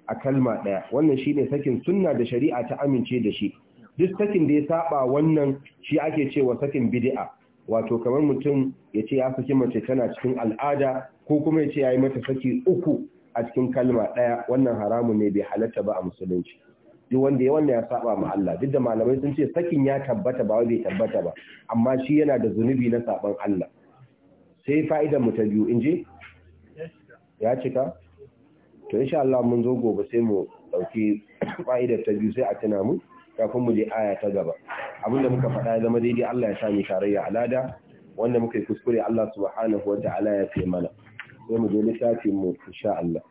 a kalma ɗaya wannan shine sakin sunna da shari'a ta amince da shi duk sakin da ya saba wannan shi ake cewa sakin bid'a wato kamar mutum ya ce ya saki mace tana cikin al'ada ko kuma ya ce ya yi mata saki uku a cikin kalma ɗaya wannan haramun ne bai halatta ba a musulunci duk wanda ya wannan ya saba ma Allah duk da malamai sun ce sakin ya tabbata ba bai tabbata ba amma shi yana da zunubi na saban Allah sai fa'idan mu ta biyu inji ya cika to insha Allah mun zo gobe sai mu dauki fa'ida ta biyu sai a tuna mu kafin mu je aya ta gaba abinda muka faɗa ya zama daidai Allah ya sa tarayya alada wanda muka yi kuskure Allah subhanahu wa ta'ala ya fi mana sai mu je littafin mu insha Allah